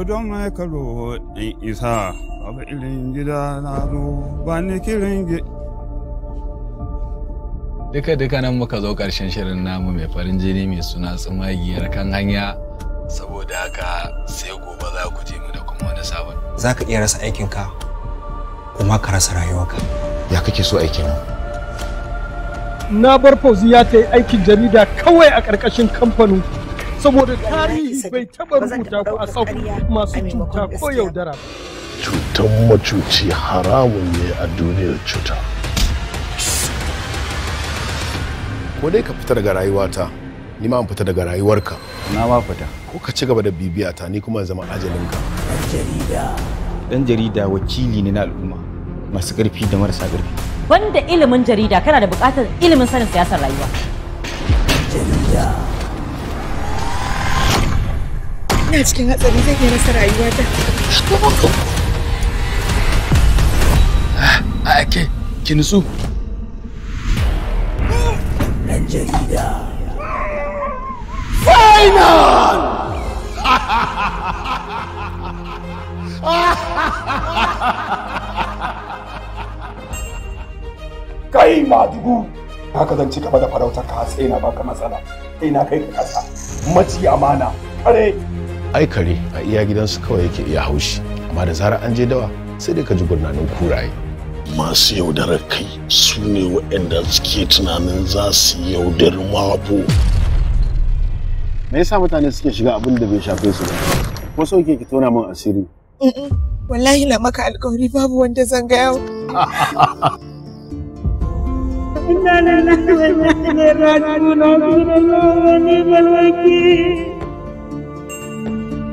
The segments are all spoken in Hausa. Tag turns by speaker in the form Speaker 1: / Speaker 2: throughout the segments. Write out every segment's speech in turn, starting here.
Speaker 1: don mai kalo in isa abu irin gida na zo ba ni kirin
Speaker 2: duka duka nan muka zo karshen shirin namu mai farin jini mai suna tsumagiyar kan hanya
Speaker 3: saboda haka sai gobe za ku je mu da kuma wani sabon za ka iya rasa aikinka kuma ka rasa rayuwarka ya kake so aikin
Speaker 2: na bar fauzi ya ta yi aikin jarida kawai a ƙarƙashin kamfanin
Speaker 3: saboda tarihi bai taba rubuta ku a tsakon masu cuta ko yaudara
Speaker 2: cutan macuci haramun ne a duniyar cuta ko dai ka fita daga rayuwata ni ma fita daga rayuwarka na ma fita ko ka ci gaba da bibiya ta ni kuma zama ajalin ka jarida dan jarida wakili ne na al'umma masu karfi da marasa ƙarfi
Speaker 3: Wanda ilimin jarida kana da bukatar ilimin sanin siyasar rayuwa ina cikin hatsari yi nasa rayuwa rayuwata a ah,
Speaker 2: ake ki nutsu ɗan jarida final kai madugu haka zan cika gaba da farautar ka tsena baka matsala Ina na kai ka kasa maci amana kare aikare kare a iya gidansu kawai yake iya haushi amma da zarar an je dawa sai dai ka ji gurnanin kuraye masu yaudarar kai su ne waɗanda suke tunanin za su yaudar mabu. me yasa mutane suke shiga abin da bai shafe su ba ko so ke tona min asiri
Speaker 1: wallahi na maka alkawari babu wanda zan ga yau inna
Speaker 3: lillahi wa inna ilaihi raji'un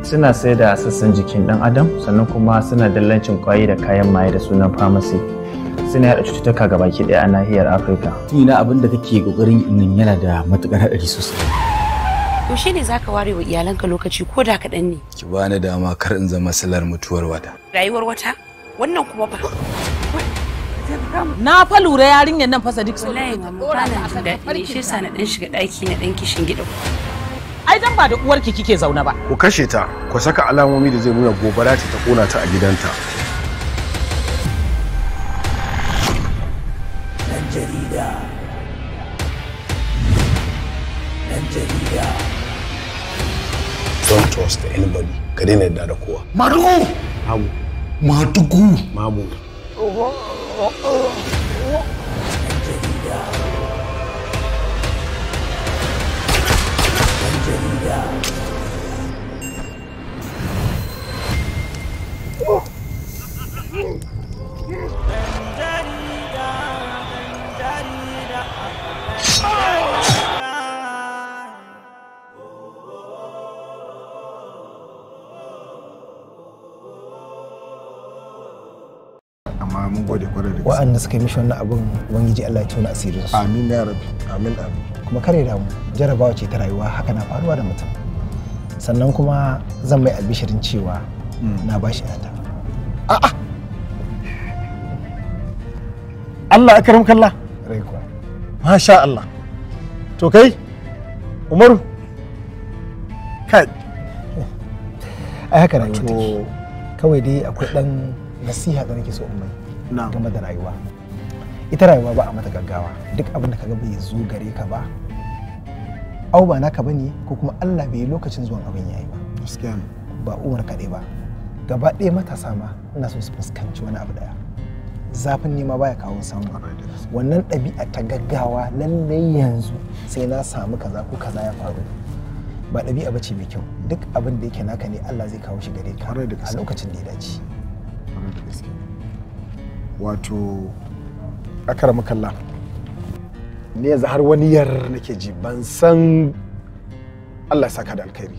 Speaker 3: suna sai da sassan jikin dan adam sannan kuma suna dallancin kwayi da kayan maye da sunan pharmacy suna yada cututtuka ga baki daya a nahiyar afirka tunina
Speaker 2: abin da kake kokarin nan yana da matukar hadari sosai
Speaker 3: yaushe ne zaka ware wa iyalanka lokaci ko da kaɗan ne
Speaker 2: ki bani dama kar in zama salar mutuwar wata
Speaker 3: rayuwar wata wannan kuma ba na fa lura yarinyar
Speaker 1: nan fa sadik wallahi
Speaker 3: mamma ta nan da shi sa na dan shiga daki na dan kishin gida ai dan ba da uwarki kike zaune ba
Speaker 2: ku kashe ta ku saka alamomi da zai nuna gobara ta kona ta a gidanta dan jarida dan jarida don't trust anybody ka daina yadda da kowa madugu mamu madugu mamu
Speaker 3: amma mun gode kwarai da wa'anda suka yi mishi wannan abin ubangiji Allah ya tuna asirin su amin ya rabbi amin amin kuma kare damu jarabawa ce ta rayuwa haka na faruwa da mutum sannan kuma zan mai albishirin cewa hmm. na bashi yata a'a
Speaker 2: Allah karim kalla
Speaker 3: rai kuwa masha Allah to kai Umaru kai ai haka rayuwa take kawai dai akwai dan nasiha da nake so in mai game da rayuwa ita rayuwa ba a mata gaggawa duk abin da kaga bai zo gare ka ba au ba naka bane ko kuma Allah bai lokacin zuwan abin yayi ba gaskiya ba umar kaɗai ba gaba ɗaya matasa ma ina so su fuskanci wani abu daya zafin nema baya kawo samu wannan ɗabi'a ta gaggawa lallai yanzu sai na samu kaza ko kaza ya faru ba ɗabi'a bace mai kyau duk abin da yake naka ne Allah zai kawo shi gare ka a lokacin da ya dace
Speaker 2: wato akara makalla ne yanzu har wani yar nake ji ban san Allah saka da alkhairi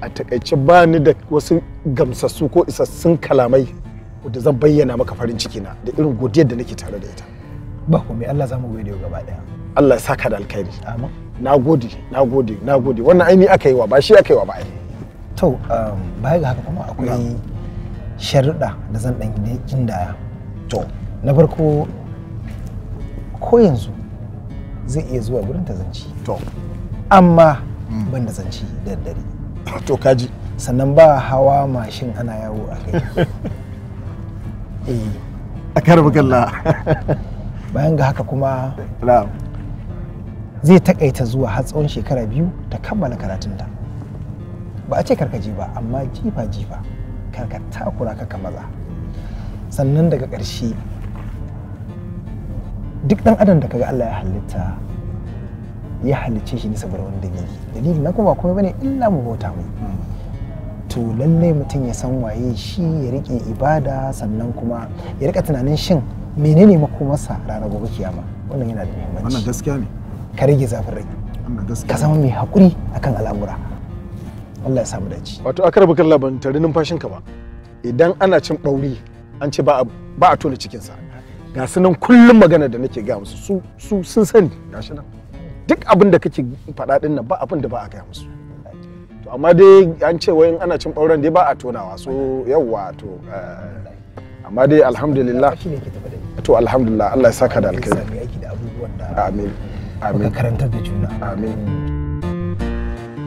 Speaker 2: a takaice ba ni da wasu gamsassu ko isassun kalamai da zan bayyana maka farin ciki na da irin godiyar da nake tare da ita ba komai Allah za mu gode gaba daya Allah saka da alkhairi na gode na gode na gode wannan aini aka yi wa ba shi aka yi wa ba aini
Speaker 3: to um, baya ga haka kuma akwai sharuɗa da zan ɗan gindaya to na farko ko yanzu zai iya zuwa gurin ta zanci to amma mm. ban da zanci da dare to kaji sannan ba hawa mashin ana yawo a kai eh a karbi galla bayan ga haka kuma zai takaita zuwa har tsawon shekara biyu ta kammala karatunta ba a ce karkaji ba amma jifa jifa ka takura ka maza sannan daga ƙarshe duk ɗan adam da kaga Allah ya halitta ya halicce shi ne saboda wani dalili dalili na kuma kuma bane illa mu bauta mu to lalle mutum ya san waye shi ya rike ibada sannan kuma ya rika tunanin shin menene makomarsa ranar gobe kiyama wannan yana da muhimmanci wannan gaskiya ne ka rage zafin rai ka zama mai hakuri akan al'amura Allah ya samu dace
Speaker 2: wato akar bakar laban tare numfashin ka ba idan ana cin bauri an ce ba ba a tona cikin sa ga sunan kullum magana da nake ga musu su su sun sani gashi nan duk abin da kake faɗa din nan ba abin da ba a ga musu to amma dai an ce wai ana cin bauran dai ba a tonawa so yawwa to eh, amma dai alhamdulillah to alhamdulillah Allah ya saka da alkhairi
Speaker 3: amin amin karantar da juna amin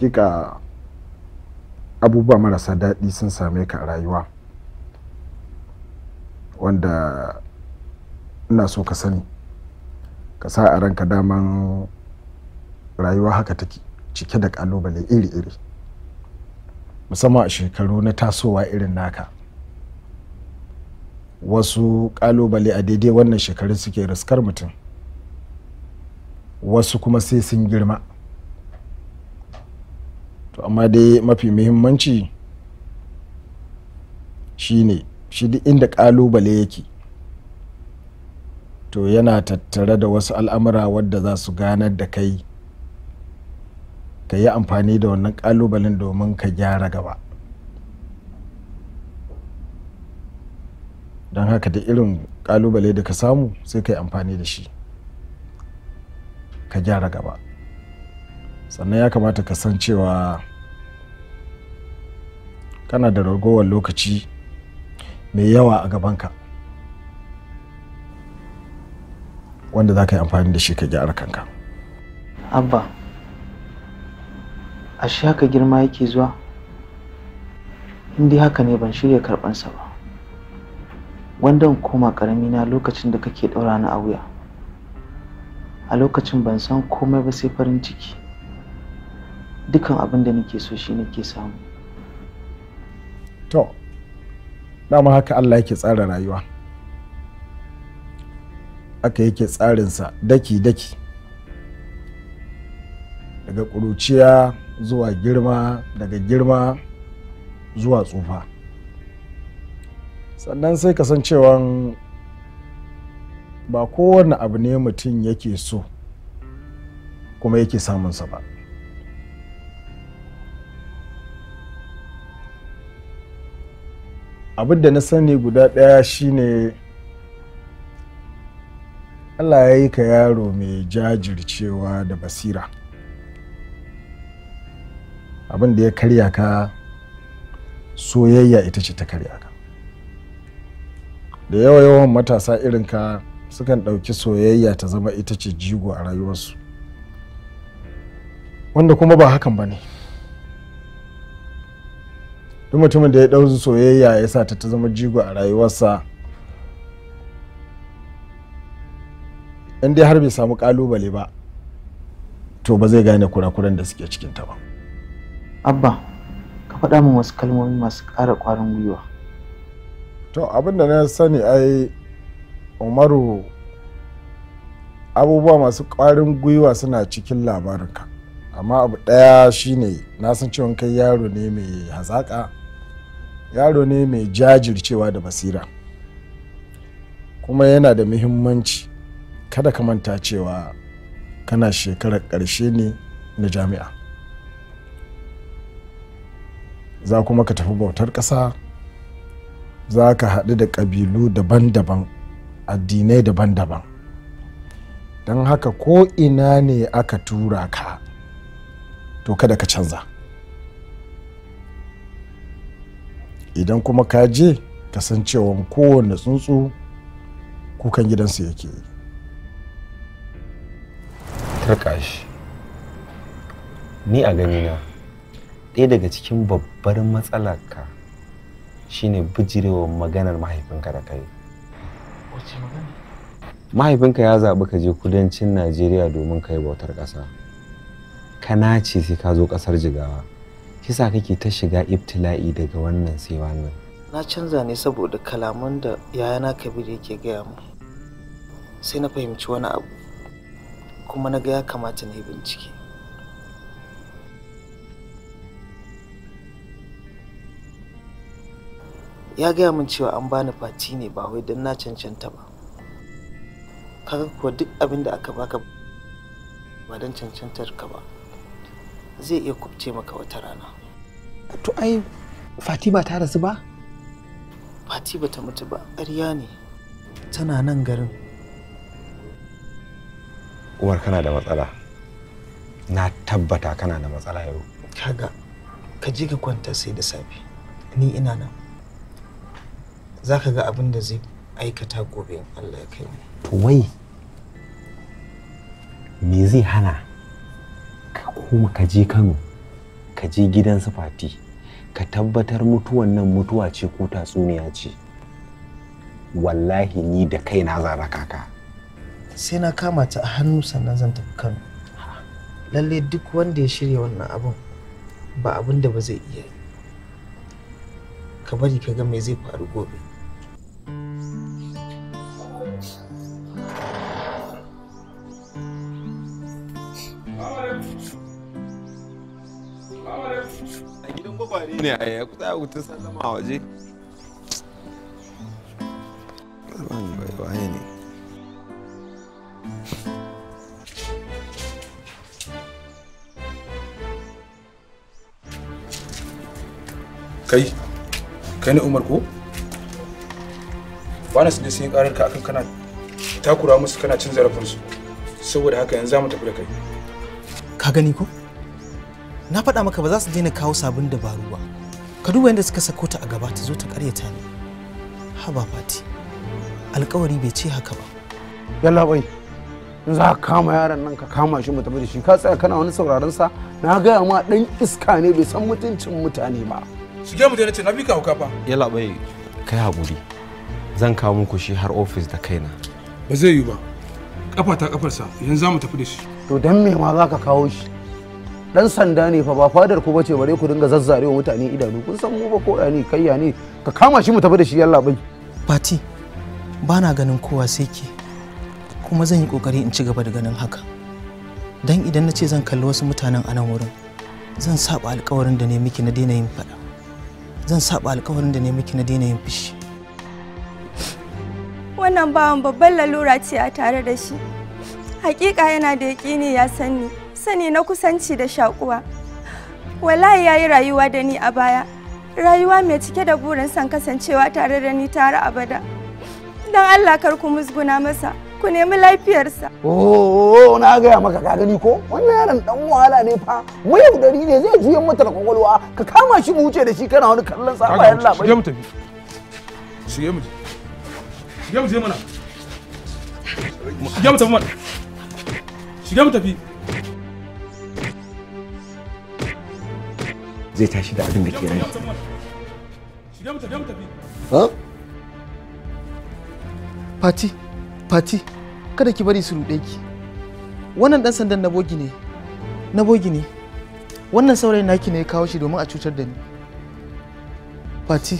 Speaker 2: hakika abubuwa marasa daɗi sun same ka a rayuwa wanda ina so ka sani ka sa a ranka daman rayuwa haka take cike da kalubale iri-iri musamman a shekaru na tasowa irin naka wasu kalubale a daidai wannan shekaru suke raskar mutum wasu kuma sai sun girma to amma dai mafi muhimmanci shi ne shi duk inda kalubale yake to yana tattare da wasu al'amura wadda za su ganar da kai ka yi amfani da wannan kalubalen domin ka gyara gaba don haka da irin kalubale da ka samu sai ka yi amfani da shi ka gyara gaba sannan ya kamata ka san cewa kana da ragowar lokaci mai yawa a gabanka wanda za ka yi amfani da shi ka gyara kanka
Speaker 1: abba a shi haka girma yake zuwa Indi haka ne ban shirya karɓansa ba wanda koma koma na lokacin da kake ɗaura na a wuya a lokacin ban san komai
Speaker 2: ba sai farin ciki dukan abin da nake so shi nake samu to dama haka Allah yake tsara rayuwa aka yake tsarinsa daki-daki daga ƙuruciya zuwa girma daga girma zuwa tsufa sannan sai kasancewa ba kowane abu ne mutum yake so kuma yake samunsa ba abin da na sani guda ɗaya shine allah ya yi ka yaro mai jajircewa da basira abin da ya karya ka soyayya ita ce ta karya ka da yawa yawan matasa irin ka sukan ɗauki soyayya ta zama ita ce jigo a rayuwarsu wanda kuma ba hakan ba ne duk mutumin da ya ɗau soyayya ya sa ta ta zama jigo a rayuwarsa in dai har bai samu kalubale ba to ba zai gane kurakuran da suke cikin ta ba abba ka faɗa min wasu kalmomi masu ƙara ƙwarin gwiwa to abin da na sani ai umaru abubuwa masu ƙwarin gwiwa suna cikin labarinka amma abu ɗaya shine na san cewa kai yaro ne mai hazaƙa yaro ne mai jajircewa da basira kuma yana da muhimmanci kada ka manta cewa kana shekarar ƙarshe ne na jami'a za kuma ka tafi bautar ƙasa za ka haɗu da ƙabilu daban-daban addinai daban-daban don haka ko ina ne aka tura ka to kada ka canza idan kuma ka je cewa kowane tsuntsu kukan gidansu yake yi
Speaker 3: tarkashi ni a ganina ɗaya daga cikin babbar matsalarka shine bijirewa maganar mahaifinka da kai mahaifinka ya zaɓi ka je kudancin najeriya domin ka bautar ƙasa ka nace sai ka zo ƙasar jigawa Kisa kake ta shiga ibtila'i daga wannan sai wannan
Speaker 1: na canza ne saboda kalaman da yayana kabir yake gaya mu sai na fahimci wani abu kuma na ga ya kamata na yi bincike ya gaya min cewa an bani fati ne ba wai don na cancanta ba kaga kuwa duk abin da aka baka ba don cancantar ka ba zai iya kubce maka wata rana
Speaker 3: to ai fatima ta rasu ba
Speaker 1: fatima ta mutu ba ƙarya ne tana nan garin
Speaker 3: uwar kana da matsala na tabbata kana da matsala yau
Speaker 1: kaga ka je ka kwanta sai da safe ni ina nan za ka ga abin da zai aikata gobe allah ya kai
Speaker 3: to wai me zai hana koma ka je kano ka je gidan su fati ka tabbatar mutuwan nan mutuwa ce ko tatsuniya ce wallahi ni da kaina zan raka ka
Speaker 1: sai na kama ta a hannu sannan zan tafi kano lalle duk wanda ya shirya wannan abun ba abin da ba zai iya yi ka bari ka ga me zai faru gobe
Speaker 2: kwari ne a sallama
Speaker 3: waje zaman bai waye ne
Speaker 2: kai kai ne umar ko ba su ne sun yi karar ka akan kana takura musu kana cin zarafinsu saboda haka yanzu za mu tafi da kai
Speaker 1: ka gani ko na faɗa maka ba za su daina kawo sabon dabaru ba ka duba yadda suka sako ta a gaba ta zo ta ƙaryata ni haba fati alƙawari
Speaker 3: bai ce haka ba yalla bai in za ka kama yaron nan ka kama shi mu tafi da shi ka tsaya kana wani sauraron sa na gaya ma dan iska ne bai san mutuncin mutane ba shige mu na ce na bi ka hauka fa yalla bai kai haƙuri zan kawo muku shi har ofis da kaina ba zai yi ba kafa ta kafarsa yanzu za mu tafi da shi to dan me ma za ka kawo shi dan sanda ne fa ba fadar ku bace bare ku dinga zazzarewa mutane idanu kun san mu ba ko ne kayya ne ka kama shi mu tafi da shi Allah bai fati ba
Speaker 1: ganin kowa sai ke kuma zan yi kokari in ci gaba da ganin haka dan idan na ce zan kalli wasu mutanen a nan wurin zan saba alkawarin da ne miki na daina yin fada zan saba alkawarin da ne miki na daina yin fishi
Speaker 2: wannan bawan babban lalura ce a tare da shi hakika yana da yaƙini ya sani sani na kusanci da shakuwa. Wallahi ya yi rayuwa da ni a baya, rayuwa mai cike da burin san kasancewa tare da ni tare abada. Don Allah
Speaker 3: kar ku musguna masa, ku nemi lafiyarsa. Oh, na gaya maka ka gani ko? Wannan yaron dan wahala ne fa. Mu dari ne zai juyan mata da kwakwalwa, ka kama shi mu wuce da shi kana wani kallon sa bayan labai. Shige
Speaker 2: mu tafi. Shige mu. Shige mu je mana. Shige mu tafi mana. Shige mu tafi. zai tashi da abin da ke rai
Speaker 1: fati fati kada ki bari su ruɗe ki wannan ɗan sandan na bogi ne na bogi ne wannan saurayin naki ne ya kawo shi domin a cutar da ni fati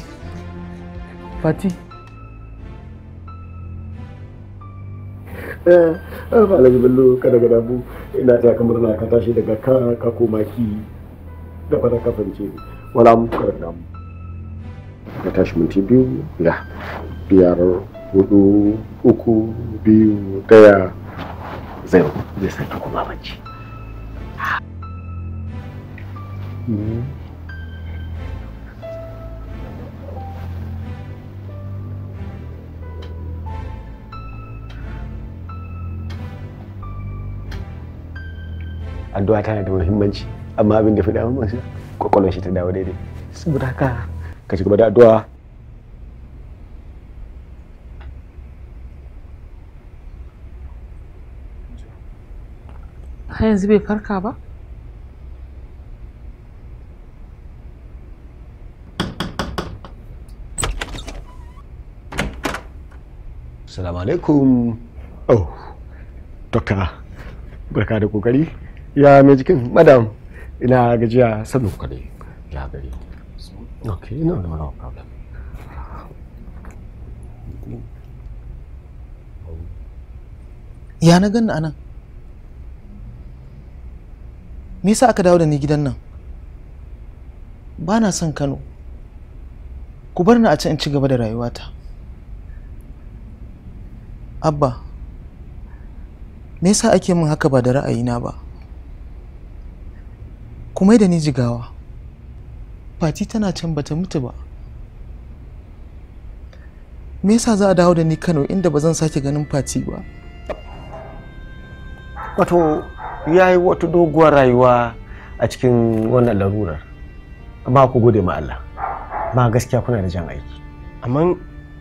Speaker 2: fati eh, eh, Malami Bello kada gada mu ina ta kamar na ka tashi daga ka ka koma ki da ba ta kasance wala mu karanta mu ka tashi minti biyu ya biyar hudu uku biyu daya zai zai sake kuma bacci addu'a tana da muhimmanci amma abin da fi damun masu shi ta dawo daidai saboda haka ka ci gaba da addu'a
Speaker 1: har yanzu bai farka ba
Speaker 2: Assalamu alaikum. Oh, dokta, barka da kokari. Ya mai jikin, madam. ina gajiya sannan kwale ya gari ok ina da mara problem
Speaker 1: ya na gan anan me yasa aka dawo da ni gidan nan ba na son kano ku bar ni a can in ci gaba da rayuwata abba me yasa ake min haka ba da ra'ayina ba kuma da ni jigawa fati tana can bata mutu ba me yasa za a dawo da ni kano inda ba zan sake ganin fati ba
Speaker 2: wato ya yi wata doguwar rayuwa a cikin wannan larurar amma ku gode ma Allah ba gaskiya kuna da jan aiki amma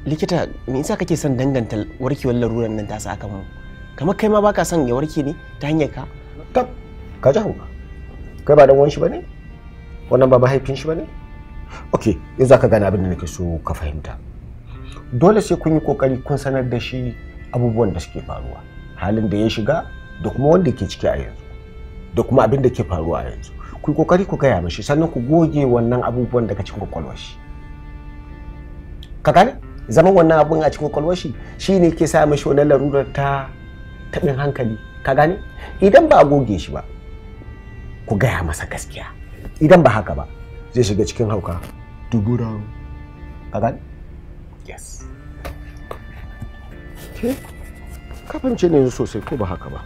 Speaker 2: likita me yasa kake son danganta warkewar larurar nan ta sa aka mu kamar kai ma baka son ya warke ne ta hanyar ka ka ji hauka kai ba dan uwan shi bane wannan ba mahaifin shi bane okay yanzu ka gane abin da nake so ka fahimta dole sai kun yi kokari kun sanar da shi abubuwan da suke faruwa halin da ya shiga da kuma wanda ke ciki a yanzu da kuma abin da ke faruwa a yanzu ku yi kokari ku gaya mishi sannan ku goge wannan abubuwan daga cikin kwakwalwar shi ka gane zaman wannan abun a cikin kwakwalwar shi shine ke sa mishi wannan larurar ta taɓin hankali ka gane idan ba a goge shi ba ku gaya masa gaskiya idan ba haka ba zai shiga cikin hauka dubura kagan yes ke kafance ne sosai ko ba haka ba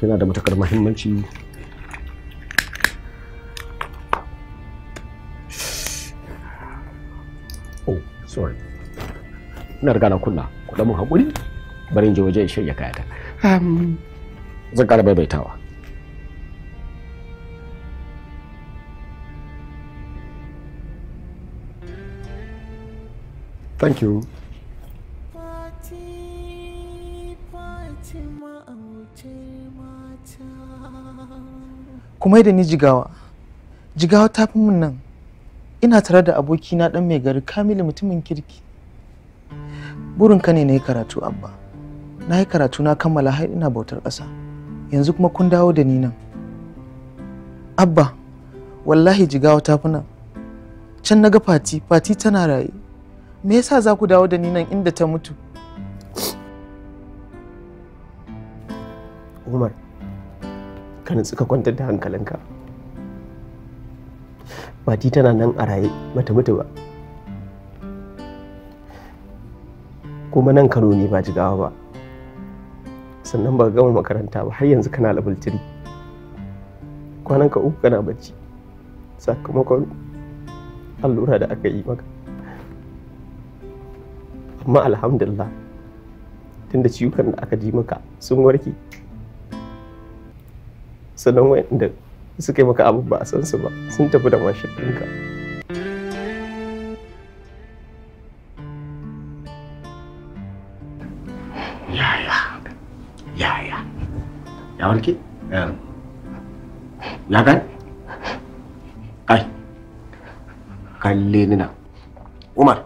Speaker 2: yana da matakar mahimmanci oh sorry ina riga na kunna kuɗa mun haƙuri bari in je waje in shirya kayata um, zan ƙara baibaitawa Thank you.
Speaker 1: Kuma da ni jigawa, jigawa ta fi mun nan. Ina tare da abokina ɗan mai gari Kamilu mutumin kirki. Burinka ne na yi karatu abba. Na yi karatu na kammala har ina bautar ƙasa. Yanzu kuma kun dawo da ni nan. Abba, wallahi jigawa ta fi nan. Can na ga fati, fati tana raye. me yasa za ku dawo da ni nan inda ta mutu umar ka nutsu ka kwantar da hankalinka fati tana nan a raye bata mutu ba kuma nan kano ne ba jigawa ba sannan ba gama makaranta ba har yanzu kana level 3 kwanan ka uku kana bacci sakamakon allura da aka yi maka amma alhamdulillah tunda ciwukan da aka ji maka sun warke sannan wanda suka yi maka abu ba a san su ba sun tafi da mashin ɗinka yaya yaya
Speaker 2: ya warke ya kai kalle ni na umar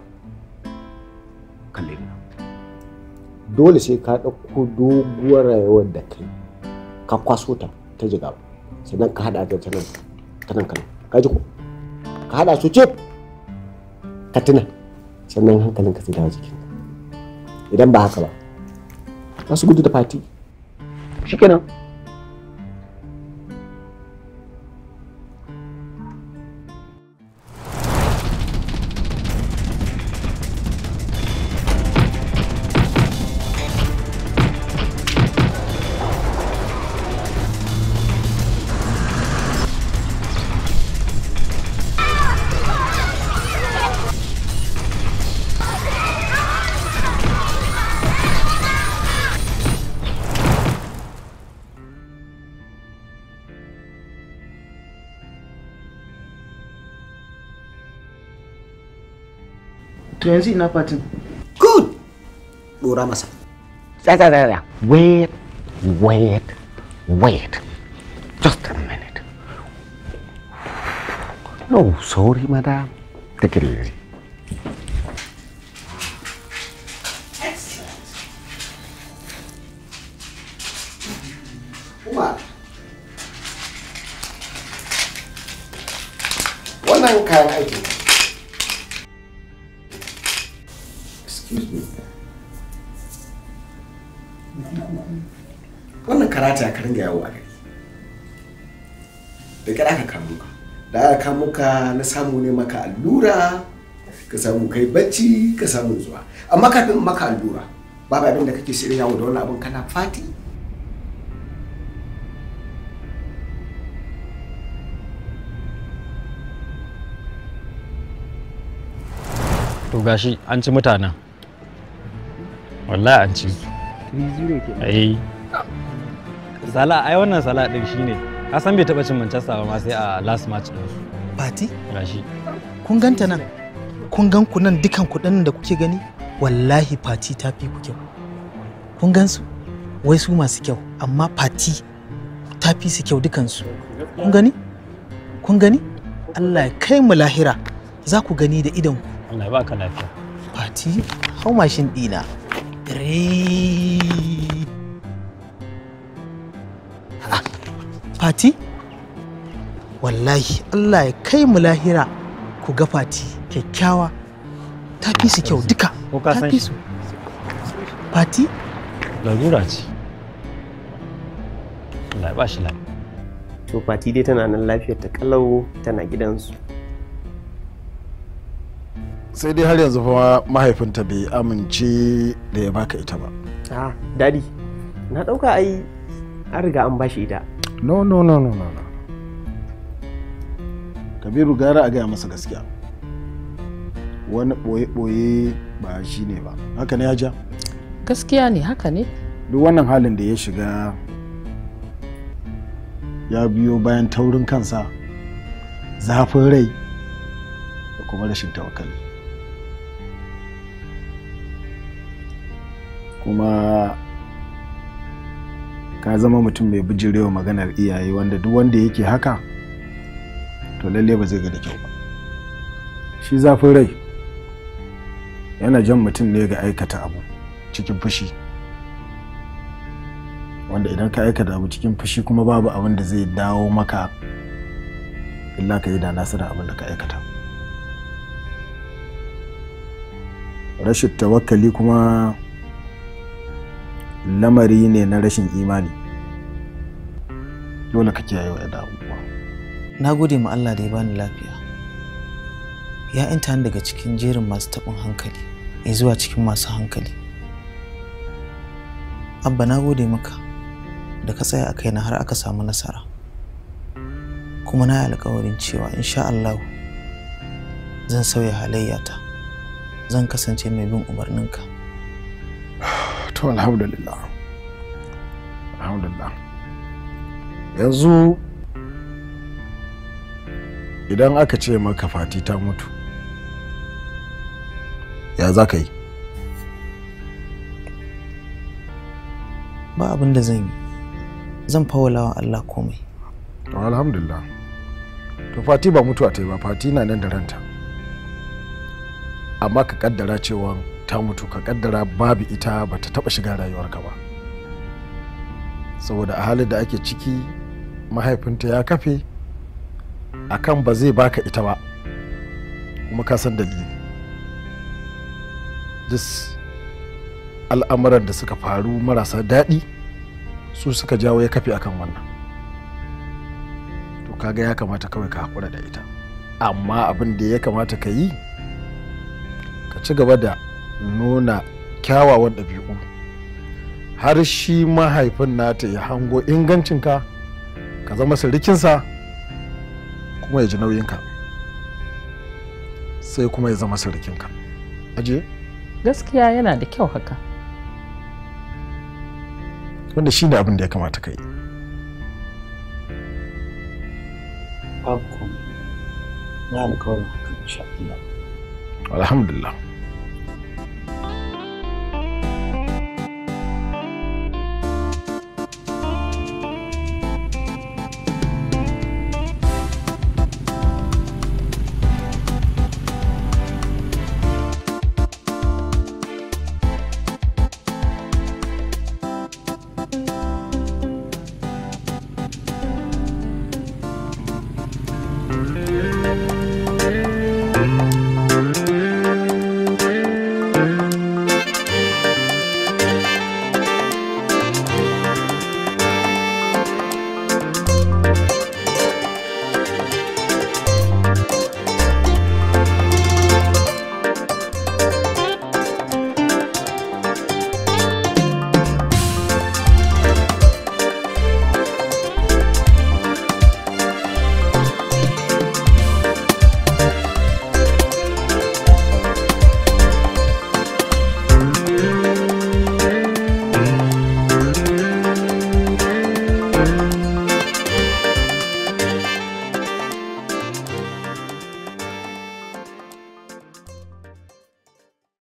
Speaker 2: dole sai ka ɗauko doguwar rayuwar da kai ka kwaso ta ta jiga sannan ka haɗa ta tanan tanan kanan ka ji ko ka haɗa su ce ka tuna sannan hankalin ka sai dawo jikin idan ba haka ba za su gudu da fati shikenan
Speaker 1: to yanzu ina fatin good
Speaker 2: dora masa wait wait wait just a minute no sorry madam take it easy Excellent.
Speaker 1: What? wannan kayan
Speaker 2: sata ka ringa yawo a gari da kada aka kamo ka da aka kamo ka na samu ne maka allura ka samu kai bacci ka samu zuwa amma kafin maka allura babu abin da kake shirya yawo da wani abin kana fati to gashi an ci mutanen wallahi an ci
Speaker 3: su Sala ai wannan Sala din shine. Ka san bai taba cin Manchester ba ma sai a last match din party Fati? Gashi.
Speaker 1: Kun ganta nan. Kun gan ku nan dukan ku da kuke gani wallahi Fati ta fi ku kyau. Kun gan su? Wai su masu kyau amma Fati ta fi su kyau dukan su. Kun gani? Kun gani? Allah ya kai mu lahira. Za ku gani da idan ku.
Speaker 2: Allah ba ka lafiya.
Speaker 1: Fati, hau mashin dina Three. fati wallahi allah ya kai mu lahira ku ga fati kyakkyawa ta fi su kyau duka ta fi su fati larura ce allah ba shi lafiya to fati dai tana nan lafiyar ta kalau tana gidansu
Speaker 2: sai dai har yanzu fa mahaifinta bai amince da ya baka ita ba
Speaker 1: ah dadi na dauka ai an riga
Speaker 2: an bashi ita no no no no no kabiru gara a gaya masa gaskiya wani ɓoye-ɓoye ba shi ne ba haka ne ja
Speaker 1: gaskiya ne haka ne
Speaker 2: duk wannan halin da ya shiga ya biyo bayan taurin kansa zafin rai da kuma rashin tawakali kuma ka zama mutum mai bijirewa maganar iyaye wanda duk wanda yake haka to lalle ba zai ga da kyau ba shi zafin rai yana jan mutum ne ga aikata abu cikin fushi wanda idan ka aikata abu cikin fushi kuma babu abin da zai dawo maka illa ka yi da nasara abin da ka aikata rashin tawakkali kuma lamari ne na rashin imani dole ka kiyaye wa abubuwa na gode ma Allah da ya bani lafiya
Speaker 1: ya inta daga cikin jerin masu taɓin hankali ya zuwa cikin masu hankali abba na gode maka da ka tsaya a kaina har aka samu nasara kuma na yi alkawarin cewa insha Allah zan sauya halayyata zan kasance mai bin umarninka
Speaker 2: to alhamdulillah alhamdulillah yanzu idan aka ce maka fati ta mutu ya za ka yi ba abin da zan yi zan
Speaker 1: fawalawa Allah komai
Speaker 2: to alhamdulillah to fati ba mutuwa ta yi ba fati na nan da ranta amma ka kaddara cewa ta mutu ka kaddara babu ita ba ta taba shiga rayuwarka ba saboda a halin da ake ciki mahaifinta ya kafe akan ba zai baka ita ba kuma ka san dalili duk al'amuran da suka faru marasa daɗi su suka jawo ya kafe akan wannan to kaga ya kamata kawai ka haƙura da ita amma abin da ya kamata ka yi ka ci gaba da nuna kyawawan ɗabi'u har shi mahaifin nata ya hango ingancinka ka zama sirrikinsa kuma ya ji nauyinka sai kuma ya zama sirrikinka aje
Speaker 1: gaskiya yana da
Speaker 2: kyau haka wanda shi ne abin da ya kamata ka yi na alkawarin hakan alhamdulillah